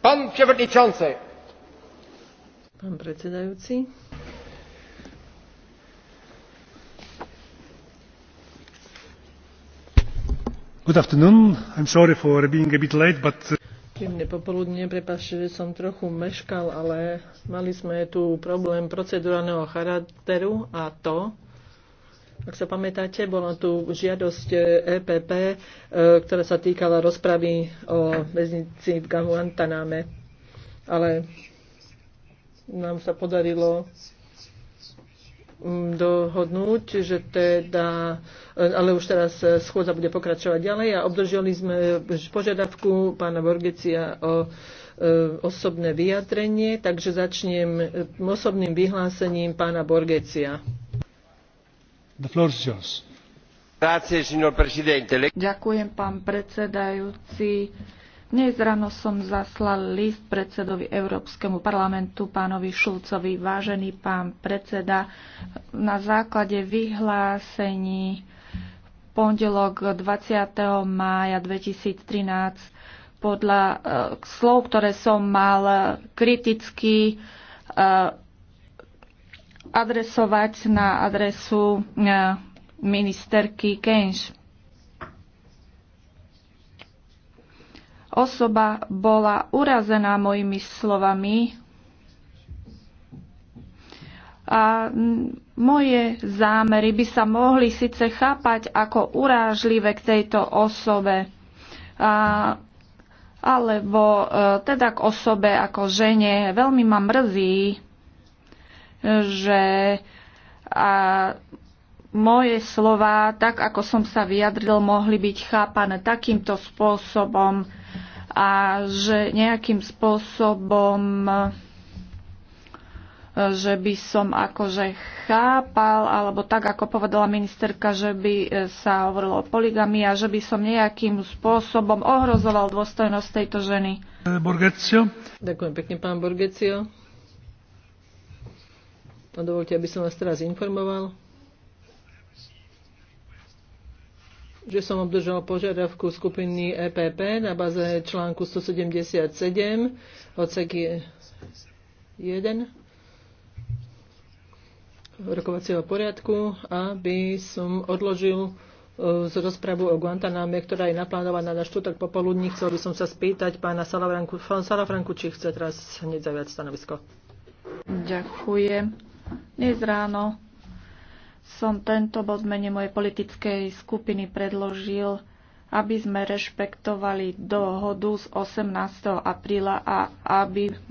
Pán przewodniczący. Pán predsedajúci. Good afternoon. I'm sorry for being a bit late, but uh, popoludne, prepáčte, že som trochu meškal, ale mali sme tu problém procedurálneho charakteru a to, ak sa pamätáte, bola tu žiadosť EPP, e e, ktorá sa týkala rozpravy o väznici v Guantaname. Ale nám sa podarilo mm, dohodnúť, že teda, e, ale už teraz schôdza bude pokračovať ďalej a obdržali sme požiadavku pána Borgecia o osobné vyjadrenie, takže začnem osobným vyhlásením pána Borgecia. Ďakujem, pán predsedajúci. Dnes ráno som zaslal list predsedovi Európskemu parlamentu, pánovi Šulcovi. Vážený pán predseda, na základe vyhlásení pondelok 20. mája 2013 podľa eh, slov, ktoré som mal eh, kriticky eh, adresovať na adresu e, ministerky Kenš. Osoba bola urazená mojimi slovami a moje zámery by sa mohli síce chápať ako urážlivé k tejto osobe, a, alebo e, teda k osobe ako žene. Veľmi ma mrzí, že a moje slova, tak ako som sa vyjadril, mohli byť chápané takýmto spôsobom a že nejakým spôsobom že by som akože chápal, alebo tak, ako povedala ministerka, že by e, sa hovorilo o poligamii a že by som nejakým spôsobom ohrozoval dôstojnosť tejto ženy. Borgecio. Ďakujem pekne, pán Borgecio. A dovolte, aby som vás teraz informoval, že som obdržal požiadavku skupiny EPP na baze článku 177 odsek 1 rokovacieho poriadku, aby som odložil e, z rozpravu o Guantaname, ktorá je naplánovaná na štútok popoludní. Chcel by som sa spýtať pána Salafranku, Salafranku či chce teraz hneď zaviať stanovisko. Ďakujem. Dnes ráno som tento bod mene mojej politickej skupiny predložil, aby sme rešpektovali dohodu z 18. apríla a aby